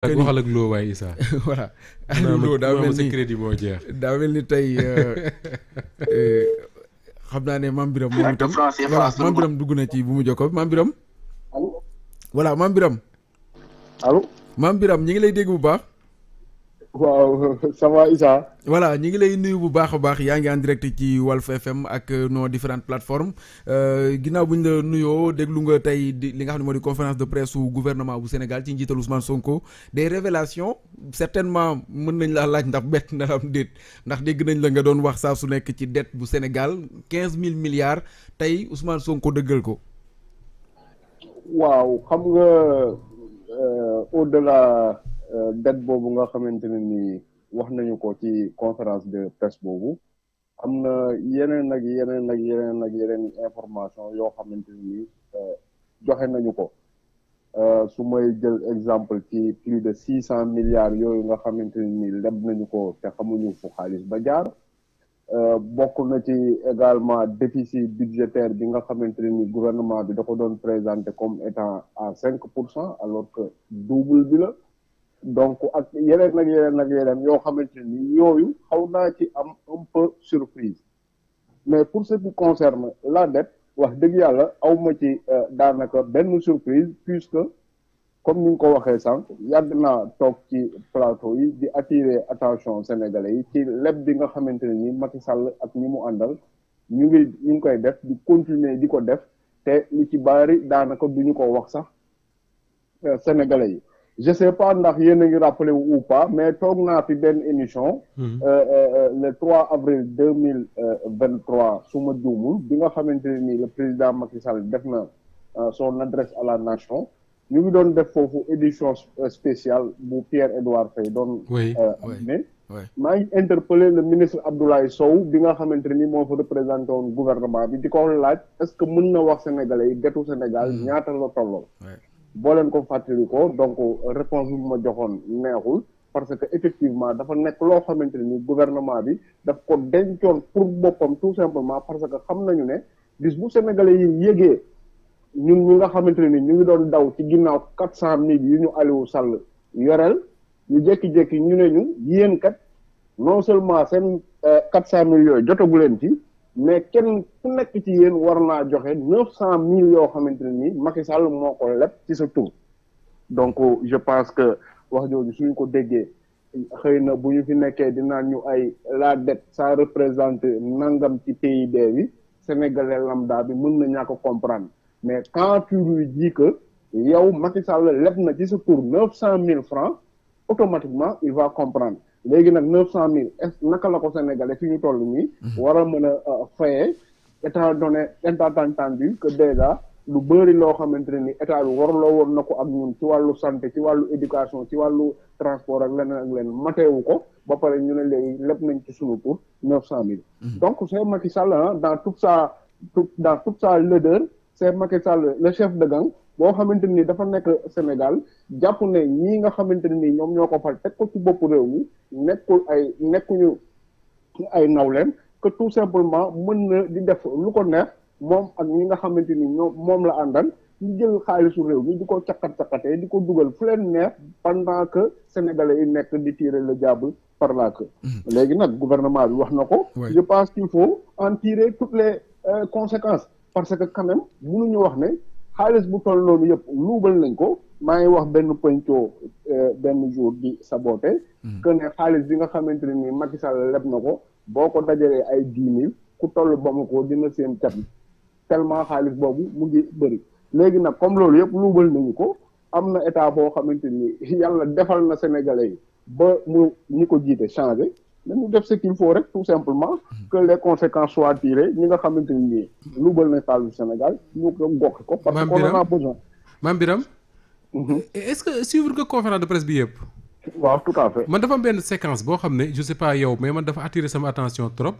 ak daa mel ni crédit moo daa mel ni xam naa ne Mame Birame moom itam voilà dugg na ci bu mu jokkoo Mame biram allo voilà Mame Birame. allo Mame ñu ngi lay dégg bu baax. waaw ça va Issa. voilà ñu ngi lay nuyu bu baax a baax yaa ngi en direct ci Walf FM ak nos différentes plateformes euh, ginnaaw bu ñu la nuyoo déglu nga tey di li nga xam ne moo di conférence de presse su gouvernement bu Sénégal ci njiital Ousmane Sonko des révélations certainement mën nañ laa laaj ndax bett na la ndax dégg nañ la nga doon wax saa su nekk ci dette bu Sénégal quinze mille milliards tey Ousmane Sonko dëggal ko. waaw xam nga euh, au-delà. date euh, boobu nga xamante ne ni wax nañu ko ci conférence de presse boobu am na yeneen nag yeneen nag yeneen ak yeneen information yoo xamante ne ni euh, joxe nañu ko euh, su may jël exemple ci plus de six cent milliards yooyu nga xamante ne ni leb nañu ko te xamuñu fu xaalis ba jaar bokk na ci également déficit budgétaire bi nga xamante ne ni gouvernement bi da ko doon présenté comme étant à cinq pour cent alors que double bi la donc ak yeneen ak yeneen ak yeneen yoo xamante ni yooyu xaw naa ci am un peu surprise mais pour ce qui concerne la dette wax dëgg yàlla awma ci euh, daanaka benn surprise puisque comme ni nga ko waxee sànq yàgg naa toog ci plateau yi di attirer attention sénégalais yi ci leb bi nga xamante ne ni Macky Sall ak ñi mu àndal ñu ngi ñu ngi koy def di continuer di ko def te lu ci baari daanaka du ñu ko wax sax euh, sénégalais yi je sais pas ndax yéen a ngi rappelé wu u pas mais toog naa fi benn émission. Hmm. Euh, euh, le 3 avril 2023 euh, su ma juumul bi nga xamante ne ni le président Macky Sall def na son adresse à la nation ñu ngi doon def foofu édition spéciale bu Pierre-Édouard Faye doon. oui oui maa ngi interpellé le ministre Abdoulaye Sow bi nga xamante ne ni moo fa représenté woon gouvernement bi di ko laaj est-ce que mun na wax sénégalais yi detu Sénégal hmm. ñaata la tolloo. boo leen ko fàttali ko donc réponse bi ma joxoon neexul parce que effectivement dafa nekk loo xamante ni gouvernement bi daf ko dencoon pour boppam tout simplement parce que xam nañu ne bis bu sénégalais yi yëgee ñun ñi nga xamante ni ñu ngi doon daw ci ginnaaw quatre cent mille yu ñu Aliou Sall yoreel ñu jékki-jékki ñu ne ñu yéen kat non seulement seen euh, quatre cent mille yooyu jotagu leen ci mais kenn ku nekk ci yéen war naa joxe neuf cent mille yoo xamante ne nii Macky Sall moo ko leb ci sa tur donc je pense que wax jooju suñ ko déggee xëy na bu ñu fi nekkee dinaa ñu ay la dette ça représente nangam ci PIB bi sénégalais lambda bi mën na ñàkk comprendre mais quand tu lui dis que yow Macky Sall leb na ci sa tur neuf cent mille francs automatiquement il va comprendre léegi nag neuf cent mille naka la ko sénégalais fi ñu toll nii. Mhm. war a mën a euh, fayee état donné état entendu que déjà lu bëri loo xamante ne ni état bi warloo woon na ko ak ñun ci wàllu santé ci wàllu éducation ci wàllu transport ak leneen ak leneen mateewu ko ba pare ñu ne léegi lépp nañ ci sunu pour neuf cent mille. Mhm. donc c'est Macky Sall dans toute sa tout dans toute sa laideur c'est Macky Sall le chef de gang. boo xamante ni dafa nekk Sénégal jàpp ne ñii nga xamante ni ñoom ñoo ko fal teg ko ci bopp réew mi ay nekkuñu ay nawleen que tout simplement mën na di def lu ko neex moom ak ñi nga xamante ni ñoom moom la àndal ñu jël xaalisu réew mi di ko caqat caqatee di ko dugal fu leen neex pendant que sénégalais yi nekk di tirer le diable par la queue. Mm-hmm. léegi nag gouvernement bi wax na ko. je pense qu'il faut en tirer toutes les euh, conséquences parce que quand même ñu wax ne. xaalis bu toll loolu yëpp luubal nañ ko maa ngi wax benn pëncoo euh, benn jour di saboté hmm. que ne xaalis bi nga xamante ne ni Macky Sall leb na ko boo ko dajalee ay dix ku toll ba ma ko dina seen cat tellement xaalis boobu mu ngi bëri léegi nag comme loolu yëpp luubal nañu ko am na état boo xamante ni yàlla defal na sénégalais yi ba mu ñi ko jiite changé nañu def ce qu'il faut rek tout simplement que les conséquences soient tirées ñi nga xamante ni nii lu ko gokk ko parce que on en a mm-hmm. est-ce que suivre nga conférence de presse bi yëpp waaw tout à fait man dafa benn séquence boo xam ne je sais pas yow mais man dafa attiré sama attention trop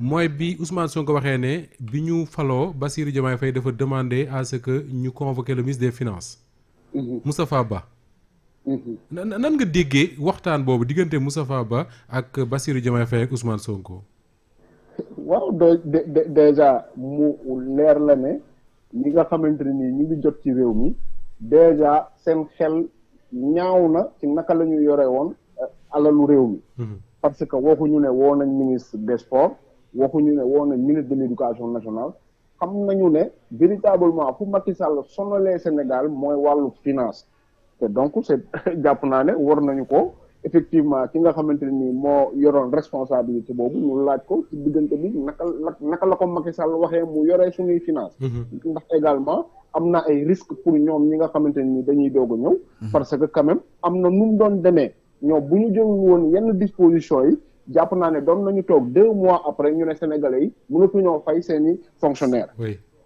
mooy bi Ousmane Sonko waxee ne bi ñu faloo Bassirou Diomaye Faye dafa demander à ce que ñu convoquer le ministre des finance mm-hmm. Moustapha Ba nan nga déggee waxtaan boobu diggante Moustapha Ba ak Bassirou Diomaye Faye ak Ousmane Sonko. waaw doo déjà mu leer la ne ñi nga xamante ne nii ñu ngi jot ci réew mi déjà seen xel ñaaw na ci naka la ñu yore woon eh, alalu réew mi. Mhm. parce que ñu ne woo nañ ministre des sports ñu ne woo nañ ministre de l'éducation nationale xam nañu ne véritablement fu Macky Sall sonalee Sénégal mooy wàllu finance. donc c'est jàpp naa ne war nañu ko effectivement ki nga xamante ne nii moo yoroon responsabilité boobu ñu laaj ko diggante bi naka la naka la ko Macky Sall waxee mu yoree suñuy finance mm-hmm. ndax également am na ay risque pour ñoom ñi nga xamante ne nii dañuy doog a ñëw mm-hmm. parce que quand même am na nu mu doon demee ñoom bu ñu jëlul woon yenn disposition yi jàpp naa ne doon nañu toog deux mois après ñu ne sénégale yi mënatu ñoo fay seeni fonctionnaire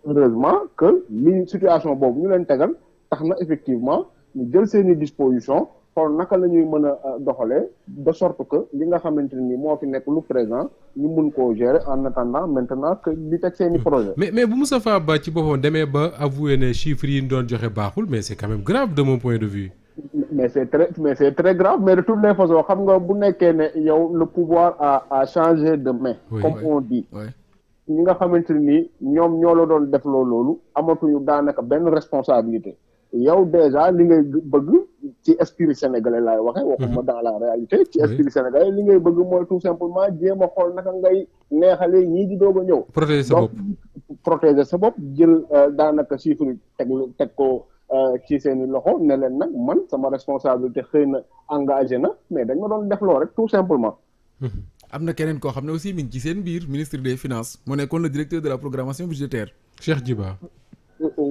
heureusement que li situation boobu ñu leen tax na effectivement ñu jël seen i disposition xool naka la ñuy mën a euh, doxalee de sorte que li nga xamante ni moo fi nekk lu présent ñu mun koo gérer en attendant maintenant que di teg seen hmm. projet mais mais bu Moustapha Ba ci boppam demee ba avoué ne chiffres yi ñu doon joxe baaxul mais c'est quand de mon point de vue. mais c'est très mais grave mais de toutes les façons xam nga bu nekkee ne yow le pouvoir à a changé de main. Oui, comme oui, on dit. Oui. ñi nga xamante ni ñoom ñoo la doon def loolu amatuñu daanaka benn responsabilité. yow déjà li ngay bëgg ci esprit sénégalais laay waxee. waxuma mhm. dans la réalité. ci esprit sénégalais li ngay bëgg mooy tout simplement jéem a xool naka ngay neexalee ñi di doog a ñëw. protéger sa bopp sa bopp jël euh, daanaka chiffre teg teg ko. Euh, ci seen i loxo ne leen nag man sama responsabilité xëy na engagé na mais dañ ma doon def loo rek tout simplement. Mhm. am na keneen koo xam ne aussi mi ngi ci seen biir ministre des finances mu nekkoon le directeur de la programmation budgétaire. Cheikh Djiba.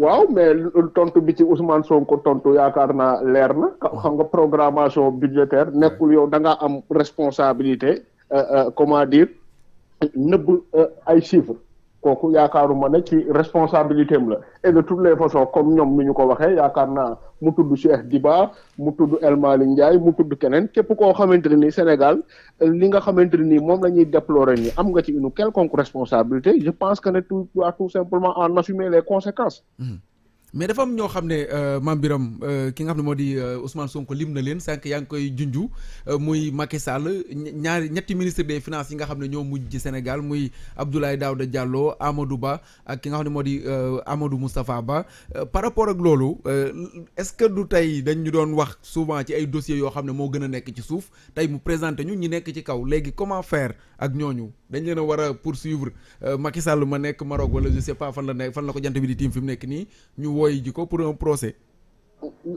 waaw mais tontu bi ci Ousmane Sonko tontu yaakaar naa leer na nga programmation budgétaire nekkul yow da ngaa am responsabilité euh, euh, comment dire nëbb euh, ay chiffres. kooku yaakaaruma ne ci responsabilité am la et de toutes les façons comme ñoom ni ñu ko waxee yaakaar naa mu tudd Cheikh Diba mu tudd El Malick Ndiaye mu tudd keneen képp koo xamante ne ni Sénégal li nga xamante ni moom la ñuy déplorer ni am nga ci une quelconque responsabilité je pense que ne tu dois tout simplement en assumer les conséquences. Mm. mais dafa am ñoo xam ne euh, maam Biram euh, ki nga xam ne moo di euh, usman Sonko lim na leen sànq yaa ngi koy junju muy Macky Sall ñaari ñetti ministre des finance yi nga xam ne ñoo mujj ci Sénégal muy Abdoulaye Daouda Diallo amadu Ba ak ki nga xam ne moo di Amadou Moustapha Ba par rapport ak loolu est-ce que du tey dañu ñu doon wax souvent ci ay dossiers yoo xam ne moo gën a nekk ci suuf tey mu présenté ñu ñi nekk ci kaw léegi comment faire ak ñooñu dañ leen a war a poursuivre euh, Macky Sall ma nekk Maroc wala je sais fan la nekk fan la ko jant bi di tiim fi mu nekk nii ñu wooyi ji ko pour un procès.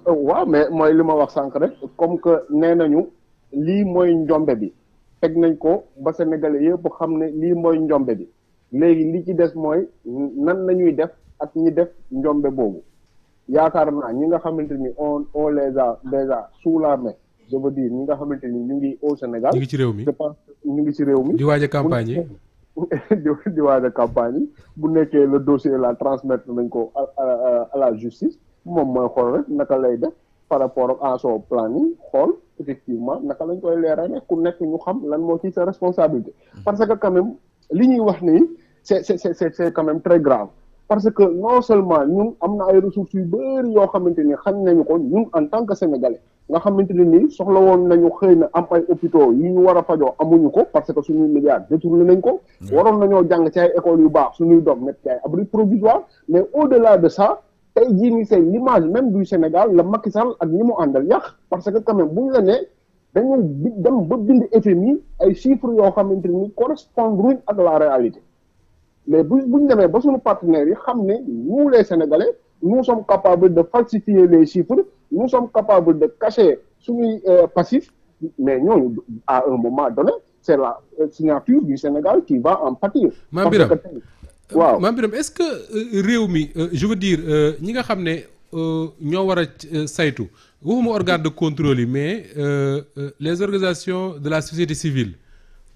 waaw mais mooy li ma wax sànq rek comme que nee nañu lii mooy njombe bi teg nañ ko ba Sénégalais yëpp xam ne lii mooy njombe bi léegi li ci des mooy nan la ñuy def ak ñi def njombe boobu yaakaar naa ñi nga xamante ni on on les a déjà sous la je veux dire ñi nga xamante ni ñu ngi au Sénégal. ñu ngi ci réew mi je pense ñu ngi ci réew mi. di waaj a campagne yi di waaj a campagne bu nekkee le dossier la transmettre nañ ko à la justice moom mooy xool rek naka lay def par rapport à son plan yi xool effectivement naka lañ koy leerale ku nekk ñu xam lan moo ci sa responsabilité. parce que quand li ñuy wax nii c'est c'est c'est c'est quand même très grave. parce que non seulement ñun am na ay ressources yu bëri yoo xamante ni xam nañu ko en tant que sénégalais. nga xamante ne nii soxla woon nañu xëy na am ay hôpitaux yi ñu war a fajoo amuñu ko parce que suñuy milliards détourné nañ ko waroon nañoo jàng ci ay écoles yu baax suñuy doom nekk ci ay abri provisoire mais au delà de ça tey jii nii c'est l'image même du Sénégal la Macky Sall ak ñi mu àndal yàq parce que quand même bu ñu la nee dañu dem ba bind FMI ay chiffres yoo xamante ni correspondre ak la réalité mais bu bu ñu demee ba suñu partenaires yi xam ne nous les Sénégalais nous sommes capables de falsifier les chiffres nous sommes capables de cacher suñuy euh, mais ñooñu à un moment la euh, signature Sénégal qui va en waaw Mame Birame ce que euh, réew mi je veux dire ñi nga xam ne ñoo war a saytu waxuma organe de contrôle yi mais les organisations de la société civile.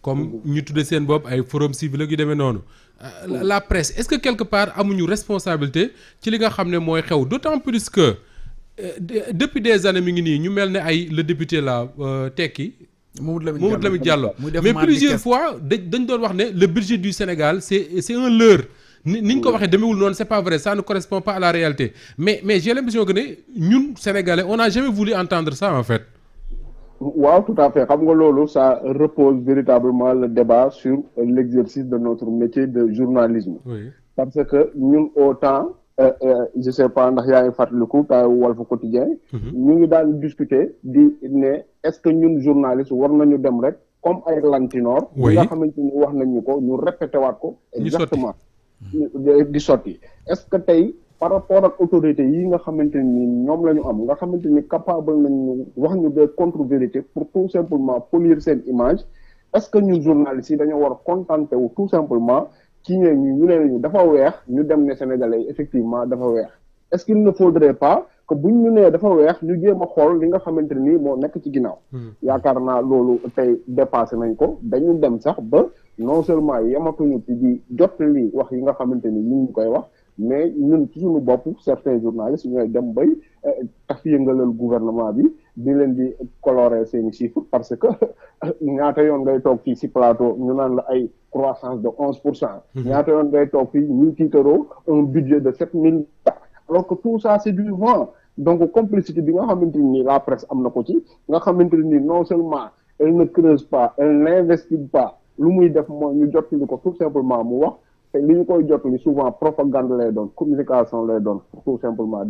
comme ñu tudde seen bopp ay forum civil ak demee noonu. la presse est-ce que quelque part amuñu responsabilité ci li nga xam ne mooy xew d'autant plus que. Euh, depuis des années mi ngi nii ñu mel ne ay le député la euh, tekki Mamadou Lamine Diallo mais plusieurs fois dañ doon wax ne le budget du Sénégal c'est c'est un leurre ni ni ñu ko waxee demewul noonu c'est pas vrai ça ne correspond pas à la réalité mais mais j'ai l'impression que ne ñun sénégalais on n'a jamais voulu entendre ça en fait waaw tout à fait xam nga loolu sa repose véritablement le débat sur l'exercice de notre métier de journalisme oui. parce que ñun autant Euh, euh, je sais pas ndax yaa ngi fàttaliku taa Walf Quotidien mhm. ñu ngi daan discuter di ne est-ce que ñun journaliste war ñu dem rek comme ay lantinoor ñi nga xamante ni wax nañ ñu ko ñu répété waat ko exactement mhm. di sotti est-ce que tey par rapport ak autorité yii nga xamante ni ñoom la ñu am nga xamante ni capable nañu wax ñu des contre-vérités pour tout simplement polir seen image est-ce que ñun journalistes yi dañoo war a contenter wu tout simplement kii ne ñu ne ñu dafa weex ñu dem ne sénégalais yi effectivement dafa weex est-ce qu'il ne faudrait pas que buñ ñu nee dafa weex ñu jéem a xool li nga xamante ni moo nekk ci ginnaaw. Hmm. yaakaar naa loolu tey dépassé nañ ko dañu dem sax ba non seulement yamatuñu ci di jot li wax yi nga xamante ni ñu ngi koy wax mais ñun ci suñu bopp certains journalistes ñooy dem bay eh, tax yëngalal gouvernement bi. di leen bi colorer seeni chiffres parce que ñaata yoon ngay toog fii si plateau ñu naan la ay croissance de onze pour cent mhm. ñaata yoon ngay toog fii ñuy tiitaroo un budget de sept mille alors que tout ça c'est du vent donc complicité bi nga xamante ni la presse am na ko ci nga xamante ni non seulement elle ne creuse pas elle n'investit pas lu muy def mooy ñu jot li ko tout simplement mu wax te li ñu koy jot li souvent propagande lay doon communication lay doon tout simplement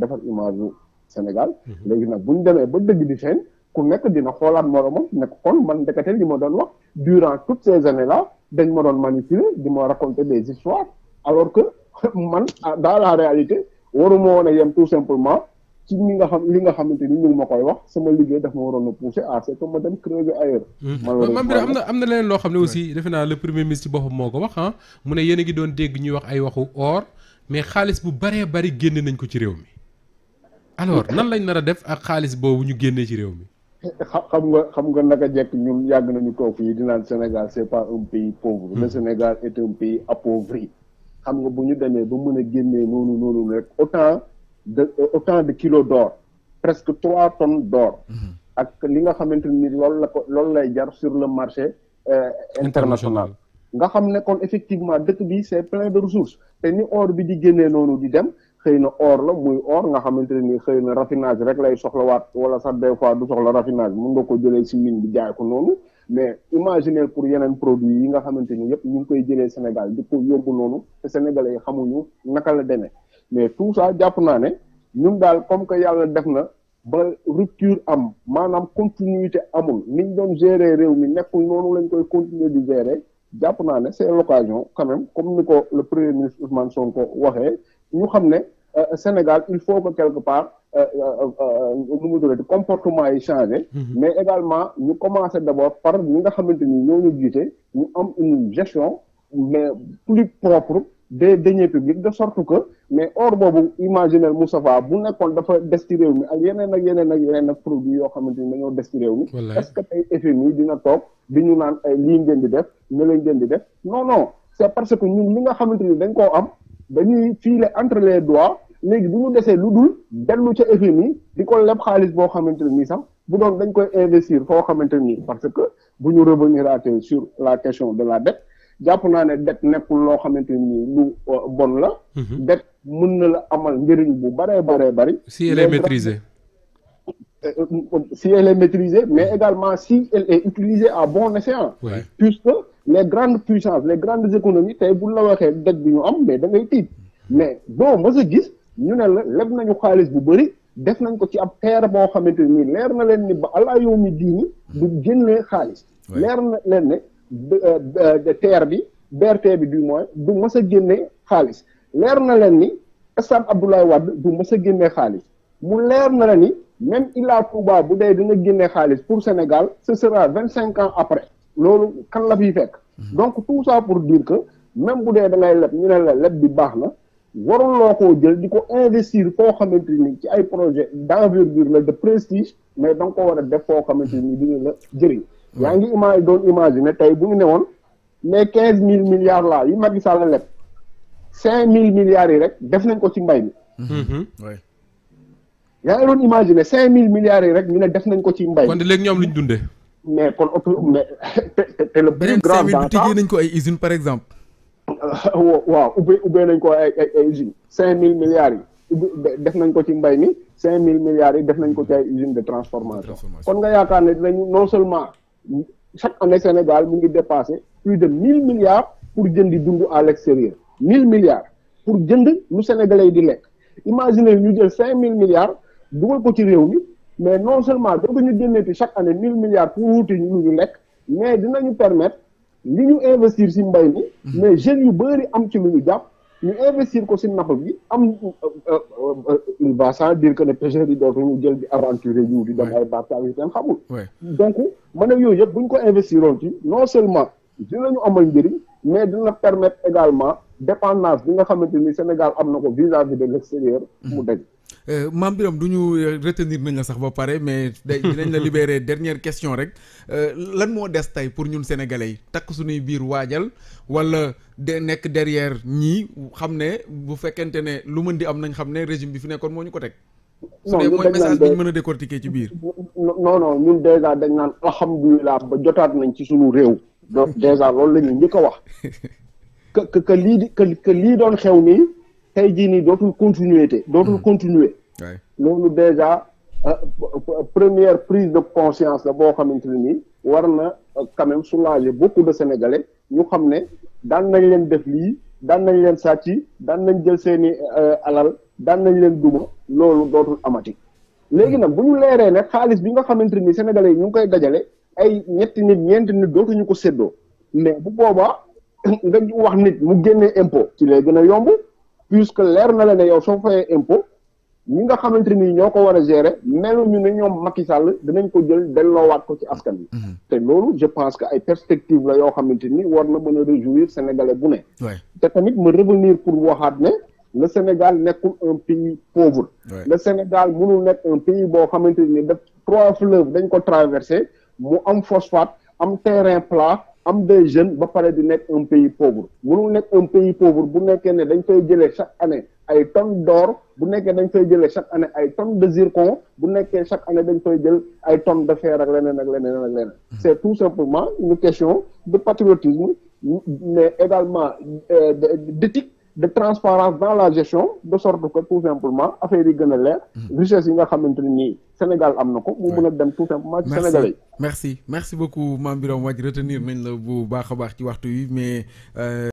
Sénégal. Mhm. léegi nag bu ñu demee ba dëgg di seen ku nekk dina xoolaat moromam nekk kon man ndekete li ma doon wax durant toutes ces années là dañ ma doon manipuler di ma raconter des histoires alors que man ah, dans la réalité waruma woon a yem tout simplement. ci ñi nga xam li nga xamante ni ñu ma koy wax sama liggéey daf ma waroon a poussé à ce ma dem creuser ailleurs. Mhm. man bi am na am na leneen loo xam ne aussi defe naa le premier ministre boppam moo ko wax ah mu ne yéen a ngi doon dégg ñuy wax ay waxu or mais xaalis bu baree bari génn nañ ko ci réew mi. alors nan lañ nar a def ak xaalis boobu ñu génnee ci réew mi. xam nga xam nga naka jekk ñun yàgg nañu toog fii di naan Sénégal c'est pas un pays pauvre. Hmm. le Sénégal est un pays appauvri. xam nga bu ñu demee ba mën a génnee noonu noonu rek autant de autant de kilos d'or presque trois tonnes d'or. Hmm. ak li nga xamante ni loolu la ko loolu lay jar sur le marché. Euh, international nga xam ne kon effectivement dëkk bi c'est plein de ressources te ni or bi di génnee noonu di dem. xëy na or la muy or nga xamante ne nii xëy na raffinage rek lay soxlawaat wala sax des fois du soxla raffinage mun nga ko jëlee si mine bi jaay ko noonu mais imaginer pour yeneen produit yi nga xamante ni yëpp ñu ngi koy jëlee Sénégal di ko yomb noonu te sénégalais yi ñu naka la demee mais tout ça jàpp naa ne ñun daal comme que yàlla def na ba rupture am maanaam continuité amul niñ doon gérer réew mi nekkul noonu lañ koy continuer di jeere jàpp naa ne c'est l'occasion quand même comme ni ko le premier ministre Ousmane Sonko waxee. ñu xam ne euh, Sénégal il faut que quelque part euh, euh, nu mu tuddati comportement yi changer mm-hmm. mais également ñu commencé d' abord par ñi nga xamante ni ñoo ñu jiite ñu am une gestion mais plus propre des deniers publics de sorte que mais or boobu imaginer Moustapha bu nekkoon dafa des ci réew mi ak yeneen ak yeneen ak yeneen ak produit yoo xamante ni dañoo des ci réew mi. est ce que tey FMI dina toog di ñu naan lii ngeen di def ne leen ngeen di def non parce que ñun nga xamante ni dañ koo am. dañuy filer entre les doigts léegi du ñu desee lu dul dellu ca FMI di ko leb xaalis boo xamante ne nii sax bu doon dañ koy investir foo xamante nii parce que bu ñu revenir sur la question de la dette jàpp naa ne dette nekkul loo xamante ni lu euh, bon la. Mhm. dette mën na la amal njëriñ bu baree baree bari. si elle est maîtrisée. Euh, euh, si elle est maîtrisée mais également si elle est utilisée à bon escient. puisque les grandes puissances les grandes économies tey bu la waxee dette bi ñu am mais da ngay tiit mais boo mës a gis ñu ne la leb nañu xaalis bu bëri def nañ ko ci ab terre boo xamante nii leer na leen ni ba alaa yow mi diini du génnee xaalis leer na leen ne euh, euh, terre bi BRT bi bi moins du mës a génnee xaalis leer na leen ni stade Abdoulaye Wade du mës a génnee xaalis mu leer na la ni même Ila Touba bu dee dina génnee xaalis pour Sénégal ce sera vingt cinq après loolu kan la fiy fekk. Mhm. donc tout ça pour dire que même bu dee da ngay leb ñu ne la leb bi baax na waroon waruloo koo jël di ko investir foo xamante ni ci ay projet d'envergure la de prestige mais da ko war a def foo xamante nii dina la jëriñ. Mhm. yaa ngi image doon imaginer tey bu ñu ne woon mais quinze mille milliards laa yi Macky Sall la leb cinq mille milliards yi rek def nañ ko ci mbay mi. Mhm. yaa ngi doon imaginer cinq mille milliards yi rek ñu ne def nañ ko ci mbay mi. kon léegi mais kon ëpp mais te le plus grand dans ça nañ ko ay par exemple. waaw ubbee ubbee nañ ko ay ay cinq mille milliards yi. def nañ ko ci mbay mi cinq mille milliards yi def nañ ko ci ay usines de transformation kon nga yaakaar ne dinañu non seulement chaque année Sénégal mu ngi dépassé plus de mille milliards pour jëndi dund à l'extérieur mille milliards pour jënd lu Sénégalais yi di lekk imagine ñu jël cinq mille milliards dugal ko ci réew mi mais non seulement dootuñu génneeti chaque année mille milliards pour wuti lu ñu lekk mais dinañu permettre li ñu investir si mbay mi mhm. mais jeunes yu bëri am ci lu ñu jàpp ñu investir ko si napp bi am euh, euh, euh, il va sans dire que ne pêcheurs yi ñu jël di aventurer yu di dem ay barta yi seen xamul donc ma ne yooyu yëpp bu ñu ko investiroon ci non seulement dinañu amal njëriñ mais dina permettre également dépendance bi nga xamante ni Sénégal am na ko vis-à-vis de l'extérieur mu mhm. daj Euh, maam Birame du ñu euh, retenir nañ la sax ba pare mais. day dinañ la libérer dernière question rek euh, lan moo des tey pour ñun sénégalais yi takk suñuy biir waajal wala de nekk derrière ñii xam ne bu fekkente ne lu mën di am nañ xam ne régime bi fi nekkoon moo ñu ko teg. non ñun mooy message bi mën a décortiquer ci biir. non non dañ naan alhamdulilah ba jotaat nañ ci suñu réew. donc dèjà loolu la ñu njëkk a wax. que que que lii doon xew nii. tey jii nii dootul continuer te dootul mm. continuer loolu déjà euh, première prise de conscience la boo xamante ne nii war na euh, quand même soulager beaucoup de sénégalais ñu xam ne daan nañ leen def lii daan nañ leen sàcc daan nañ jël seeni euh, alal daan nañ leen duma loolu dootu amati. léegi hmm. nag bu ñu leeree ne xaalis bi nga xamante ni sénégalais yi ñu ngi koy dajale ay ñetti nit ñeenti nit dootuñu ko séddoo mais bu boobaa nga wax nit mu génnee impôt ci lay gën a yomb puisque leer na la ne yow soo fayee impôt. ñi nga xamante ni ñoo ko war a gérer ñu ne ñoom Macky Sall dinañ ko jël delloowaat ko ci askan bi mm-hmm. te loolu je pense que ay perspectives la yoo xamante ni war na mën a réjouir sénégalais bu ne. te tamit ma revenir pour waxaat ne le Sénégal nekkul un pays pauvre. le Sénégal mënul nekk un pays boo xamante ni def trois fleuves dañ ko traversé mu am phosphate am terrain plat. am des jeunes ba pare di nekk un pays pauvre mënul nekk un pays pauvre bu nekkee ne dañ koy jëlee chaque année ay tonnes d'or bu nekkee dañ fay jëlee chaque année ay tonnes de zircon bu nekkee chaque année dañ fay jël ay tonnes de fer ak leneen ak leneen ak leneen hmm. c'est tout simplement une question de patriotisme mais également euh, d'éthique de transparence dans la gestion de sorte que tout simplement affaire yi gën a leer hmm. richesse yi nga xamante nii Sénégal am na ko mu mën a dem tout simplement ci Sénégalais yi merci merci beaucoup Mame Birame Wathie retenir nañ la bu baax a baax ci waxtu wi mais euh,